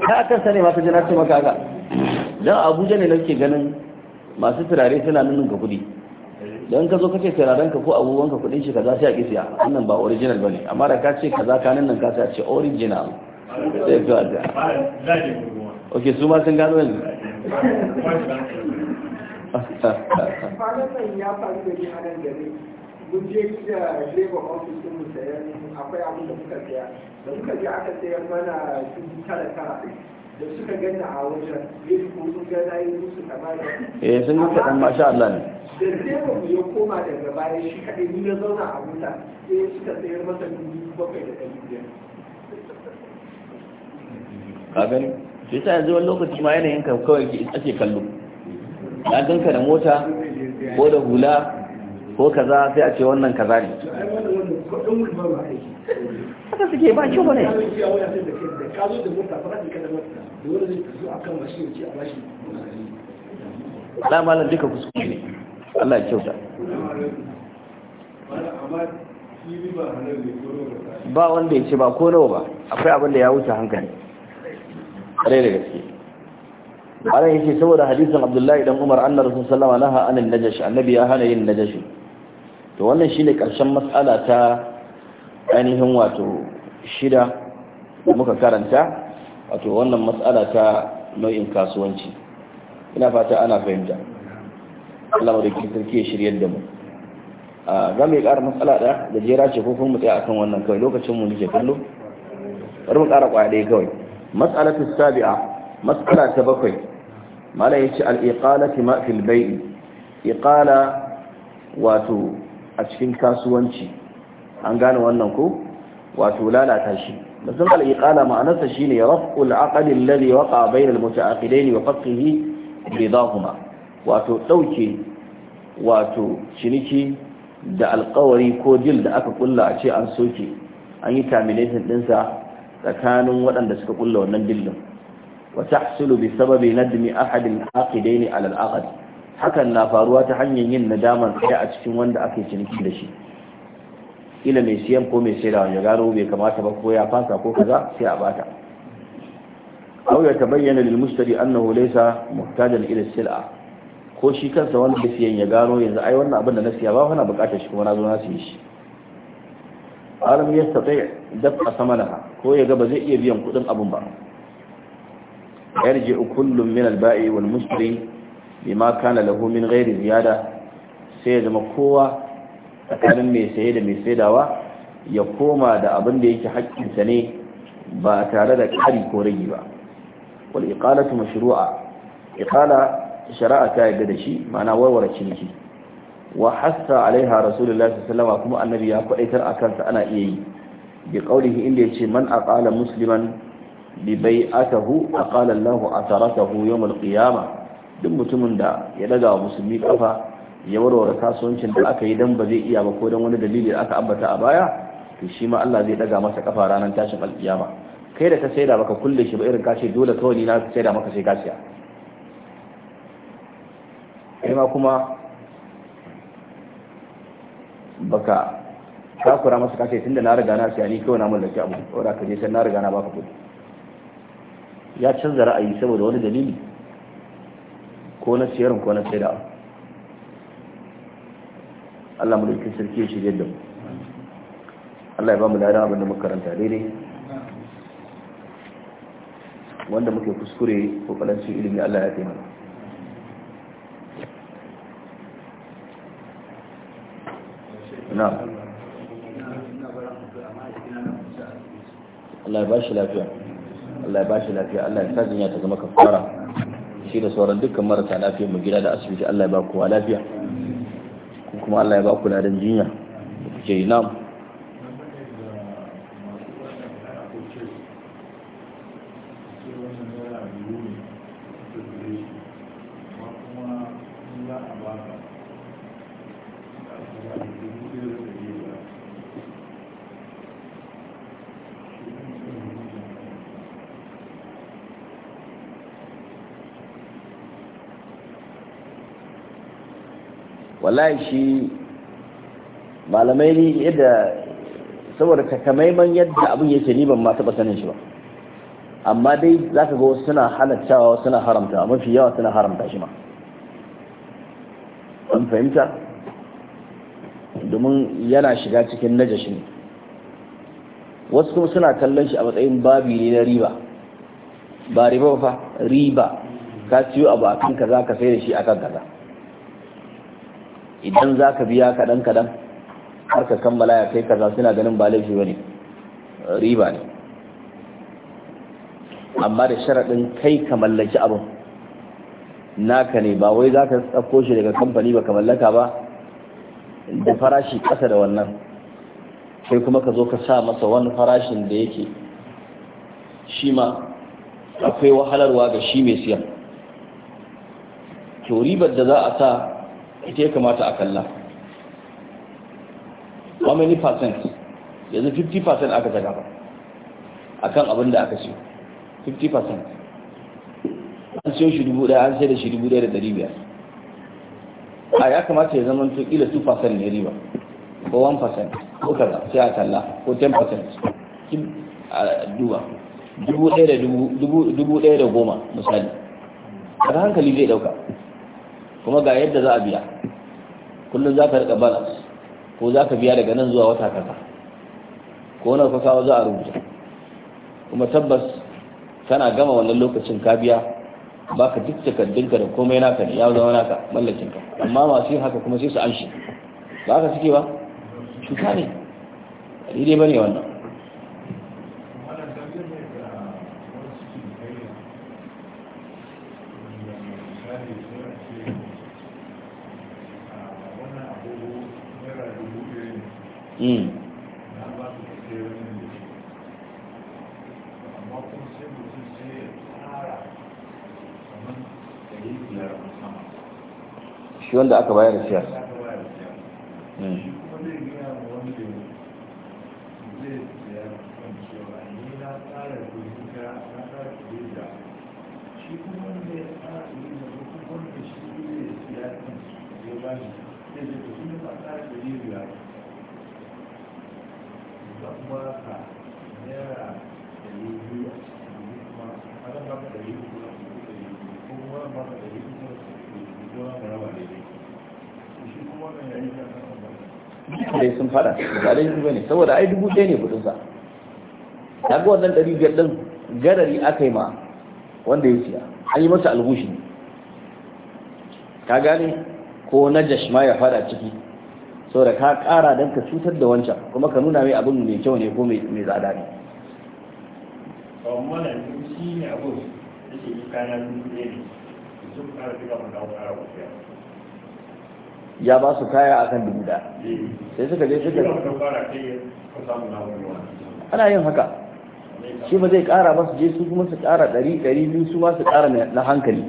ta akan sani masu jana ce maka don abuja ne nake ganin masu turare suna nunin ka kudi don ka zo ka ce turaren ka ko abubuwan ka kudin shi kaza su yaƙi kisiya wannan ba original bane amma da ka ce kaza kanin nan ka ce original sai ka ga ok su ma sun gano yanzu ya faru da ni a nan gari mun je gida labor office din mu sayan akwai abin da muka saya da muka je aka sayar mana dubu tara tara da suka ganna a wajen yadda ko sun ga na yi musu kamar eh sun yi kaɗan masha Allah ne da labor mu ya koma daga baya shi kaɗai ni na zauna a wuta, sai suka sayar masa dubu bakwai da ɗari biyar ka gani sai ta yanzu wani lokaci ma yanayin ka kawai ake kallo na ganka da mota ko da hula ko kaza sai a ce wannan kaza ne haka suke ba kyau ba ne alamalan duka kuskure ne Allah ya kyauta ba wanda ya ce ba ko nawa ba akwai abin da ya wuce hankali ƙarai da gaske ana yake saboda hadisin abdullahi dan umar annar rasul sallama naha anil najashi annabi ya hana yin najashi to wannan shi ne karshen matsala ta ainihin wato shida da muka karanta wato wannan matsala ta nau'in kasuwanci ina fata ana fahimta Allah madaukakin sarki ya shiryar da mu za mu yi ƙara matsala ɗaya da jera ce ko kuma tsaye a kan wannan kawai lokacin mu nike kallo bari mu ƙara ƙwaya ɗaya kawai Matsala ta sabi'a matsala ta bakwai malam ya al al'iƙala ma fil bai'i iƙala wato a cikin kasuwanci an gane wannan ko wato lalata shi mutum al-iqala ma'anarsa shine raf'ul aqli alladhi waqa bayna al-muta'aqidain wa faqihi kuma? wato dauke wato ciniki da alkawari ko dil da aka kulla a ce an soke an yi termination dinsa tsakanin waɗanda suka kulla wannan dillin wata tahsulu bi sababi nadmi ahadin aqidaini ne al hakan na faruwa ta hanyar yin nadaman kai a cikin wanda aka ciniki da shi ila mai siyan ko mai sayarwa ya gano bai kamata ba ko ya fasa ko kaza sai a bata aw ya tabayyana lil mushtari annahu laysa muhtajan ila sil'a ko shi kansa wanda ya siyan ya gano yanzu ai wannan abin da na siya ba wani buƙatar shi kuma na zo na siye shi alam yastati daf'a samalaha ko ya ga ba zai iya biyan kuɗin abun ba yarji kullum min al-ba'i wal mushtari bima kana lahu min ghairi ziyada sai ya zama kowa tsakanin mai saye da mai saidawa ya koma da abin da yake sa ne ba tare da ƙari ko rage ba wal iqalatu mashru'a iqala shari'a ta yadda da shi ma'ana warware ciniki wa hassa alaiha rasulullahi sallallahu alaihi kuma annabi ya kwadaitar a sa ana iya yi bi qaulihi inda yace man aqala musliman bi bai'atihi aqala Allahu atharatahu yawm al-qiyamah duk mutumin da ya daga wa musulmi kafa ya warware kasuwancin da aka yi dan ba zai iya ba ko dan wani dalili da aka ambata a baya to shi ma Allah zai daga masa kafa ranar tashin alkiyama kai da ka saida baka kulle shi ba irin kashi dole kawai ni na saida maka sai ka siya kai ma kuma baka takura masa kace tunda na riga na siya ni kawai na mallaki abu da ka je sai na riga na baka kudi ya canza ra'ayi saboda wani dalili ko na siyarin ko na saida Allah mu dauki sarki shi da mu Allah ya ba mu ladan abin da muka karanta daidai wanda muke kuskure ko kalancin ilimi Allah ya taimaka na Allah ya ba shi lafiya Allah ya ba shi lafiya Allah ya sa jinya ta zama kafara shi da sauran dukkan marasa lafiya mu gida da asibiti Allah ya ba kowa lafiya kuma Allah ya ba ku ladan jinya ku ce na'am wallahi shi malamai ne yadda saboda takamaiman yadda abin yake ni ban ma taɓa sanin shi ba amma dai za ka ga wasu suna halattawa wasu suna haramta mafi yawa suna haramta shi ma an fahimta domin yana shiga cikin najashi ne wasu kuma suna kallon shi a matsayin babi ne na riba ba riba fa riba ka ciyo abu a kan kaza ka sai da shi a kan kaza idan za ka biya kaɗan kaɗan har ka kammala ya kai kaza suna ganin ba laifi ba ne riba ne amma da sharaɗin kai ka mallaki abin naka ne ba wai za ka tsakko shi daga kamfani ba ka mallaka ba da farashi ƙasa da wannan sai kuma ka zo ka sa masa wani farashin da yake shi ma akwai wahalarwa ga shi mai siyan to ribar da za a sa ita ya kamata a kalla how many percent yanzu 50 percent aka ta gaba kan abin da aka ce 50 percent an siyo shi dubu daya an sai da shi dubu daya da dari biyar a ya kamata ya zama to kila 2 percent ne riba ko 1 percent ko kaza sai a kalla ko 10 percent a duba dubu daya da goma misali a hankali zai dauka kuma ga yadda za a biya kullum za ka riƙa balance ko za ka biya daga nan zuwa wata kaza ko na kasawa za a rubuta kuma tabbas kana gama wannan lokacin ka biya ba ka duk takardunka da komai naka ne ya zama naka mallakinka, amma masu yin haka kuma sai su amshi ba ka suke ba cuta ne daidai ba ne wannan Mm. shi wanda aka bayar da shiyar saboda ai dubu ɗaya ne ya kaga wannan ɗari biyar ɗin garari aka yi ma wanda ya siya an yi masa albushi ka gane ko na jashma ya fada ciki saboda ka ƙara don ka cutar da wancan kuma ka nuna mai abin mai kyau ne ko mai tsada ne shi ne abin da ke kana dubu ne ƙara ya ba su kaya akan dubu sai suka je suka ana yin haka shi ma zai kara ba su je su kuma su kara ɗari ɗari biyu su ma su kara na hankali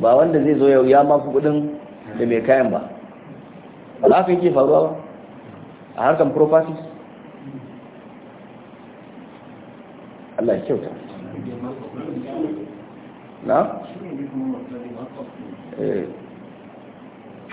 ba wanda zai zo yau ya mafi kuɗin da mai kayan ba ba yi ke faruwa ba a harkar property Allah ya kyauta na?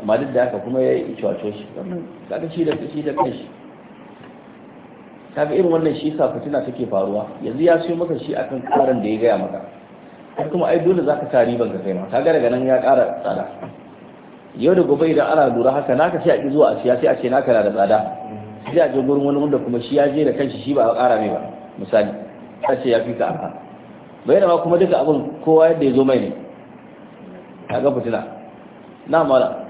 amma duk da haka kuma ya yi cuwace shi wannan kaga shi da shi da kanshi kaga irin wannan shi sa fitina take faruwa yanzu ya siyo maka shi akan karan da ya gaya maka har kuma ai dole zaka ta riba ka kai ma kaga daga nan ya ƙara tsada yau da gobe idan ana lura haka naka sai a ki zuwa a siya sai a ce naka na da tsada sai a je gurin wani wanda kuma shi ya je da kanshi shi ba a ƙara mai ba misali a ce ya fi ka arha bayyana ma kuma duka abin kowa yadda ya zo mai ne kaga fitina na mala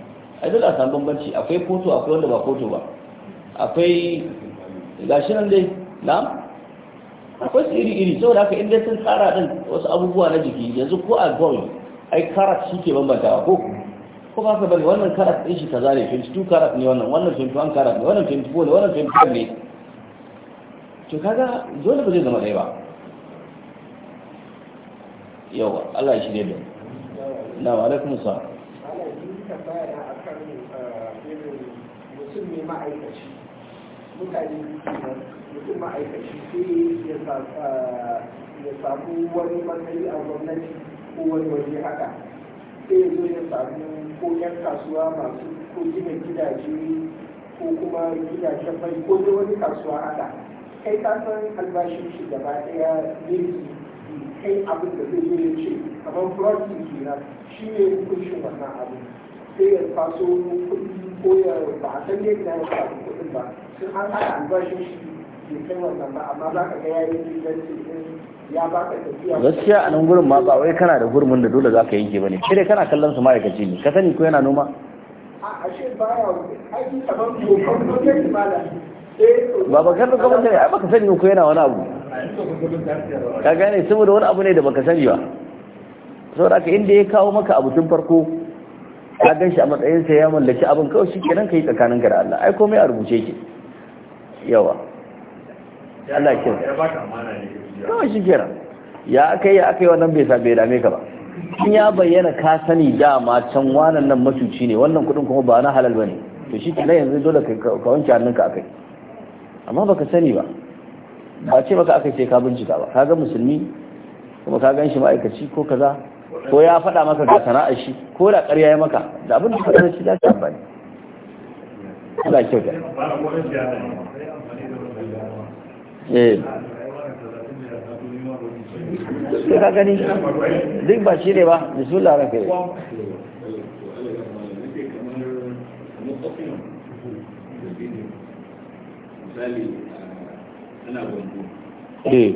a dole a samu bambanci akwai koto akwai wanda ba koto ba akwai gashi nan dai na akwai su iri iri saboda haka inda sun tsara ɗin wasu abubuwa na jiki yanzu ko a gol ai karat shi ke bambantawa ko ko ba ka bane wannan karat ɗin shi kaza ne 22 karat ne wannan wannan 21 karat ne wannan 24 ne wannan 25 ne to kaga dole ba zai zama ɗaya ba Yau, Allah ya shirye da na wa alaikum salam ne ma'aikaci mutane mutum ma'aikaci sai ah, ya samu wani matsayi a gwamnati ko wani waje haka sai ya zo ya samu ko yan kasuwa masu ko gina gidaje ko kuma gidajen mai ko da wani kasuwa haka kai ka san albashin shi gaba ɗaya ne kai abin da zai zo ya ce kamar proxy kenan shi ne hukuncin wannan abin sai ya faso kuɗi ko ya ba gaskiya a nan gurin ma ba wai kana da hurumin da dole za ka yanke ba ne sai kana kallon su ma'aikaci ne ka sani ko yana noma a ashe baya aiki kamar kokon gwamnati malam eh, ba ba kan sani ko yana wani abu ka gane saboda wani abu ne da baka sani ba saboda ka inda ya kawo maka abu tun farko ka gan shi a matsayin sa ya mallaki abin kawai shi kenan ka yi tsakanin ka da Allah ai komai a rubuce ki yawa Allah ke kawai shi kenan ya aka ya aka wannan bai sa bai dame ka ba in ya bayyana ka sani dama can wannan nan masuci ne wannan kudin kuma ba na halal bane to shi kenan yanzu dole ka wanke hannunka akai amma baka sani ba ba ce maka akai sai ka bincika ba kaga musulmi kuma ka gan shi ma'aikaci ko kaza ko ya faɗa maka ga sana'ar shi ko da ƙarya ya maka da abin da faɗa shi za ka amfani Allah kyau da eh sai ka gani duk ba shi ne ba bismillah ranka yi misali ana gwango eh.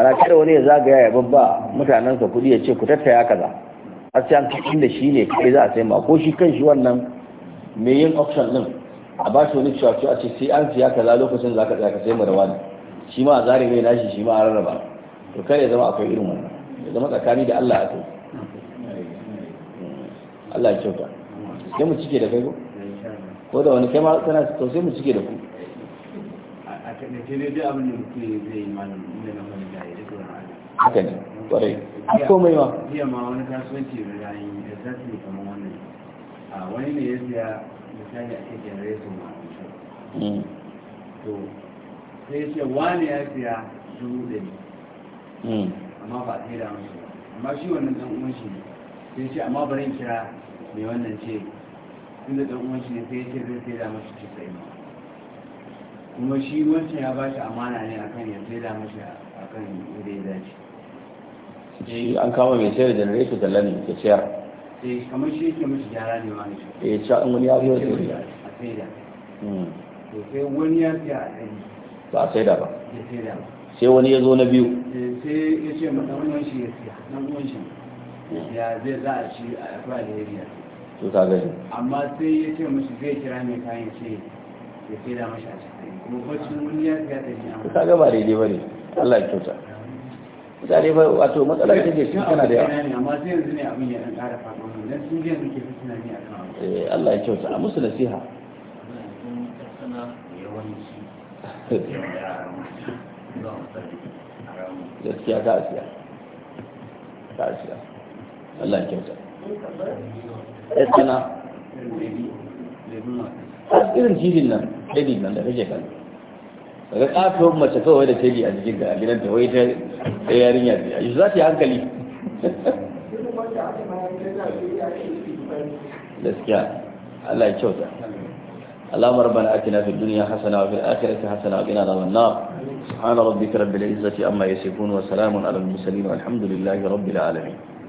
ana kada wani ya zagaya ya babba mutanensa kudi ya ce ku tattaya kaza a sai an da shi ne kai za a sai ma ko shi kan shi wannan mai yin auction din a ba shi wani cewa a ce sai an siya kaza lokacin za ka tsaya ka sai mu da wani shi ma a zari mai nashi shi ma a rarraba to kar ya zama akwai irin wannan ya zama tsakani da Allah a to Allah ya kyauta sai mu cike da kai ko ko da wani kai ma kana to sai mu cike da ku a takaice ne dai abin da mutum zai yi malam ne na haka ne kwarai a komai ma iya ma wani kasuwanci da rayu da zafi ne kamar wannan a wani ne ya siya misali a cikin reso ma hmm. to sai ce wani ya siya dubu ɗari hmm. amma ba a da musu amma shi wannan dan uwan shi sai ce amma bari kira mai wannan ce tunda ɗan uwan shi ne sai ce zai sai da masu ci sai kuma shi wancan ya ba shi amana ne akan ya sai da mashi akan inda ya dace an kama mai sayar da janareto da lani ke sayar eh, kamar shi mashi gyara ne ma ne eh cha wani ya zo da a to sai wani ya ce a saida ba a da ba sai wani ya zo na biyu eh, sai ya ce mata wannan shi ya siya nan wancan. shi ya hmm. zai za a ci a yafa da yariya to ka gani amma sai ya ce mashi zai kira mai kayan ce ya da mashi a cikin kuma bacin wani ya siya da shi ka ga ba daidai ba ne Allah ya kyauta mutane ba wato matsalar da take cikin tana da yawa amma sai yanzu ne abin ya dan faɗo sun je muke fitina ne akan eh Allah ya kyauta a musu nasiha <laughs> gaskiya ta asiya ta asiya Allah ya kyauta eh kana irin jirin nan jidin nan da kake kan daga kafin mace kawai da teji a jikin da gidan ta wai ta yarinya da yi za ta yi hankali gaskiya Allah ya kyauta alamar bana ake na fi duniya hasana wa fil akhirati hasana wa qina adhaban nar subhana rabbika rabbil izzati amma yasifun wa salamun alal mursalin walhamdulillahi rabbil alamin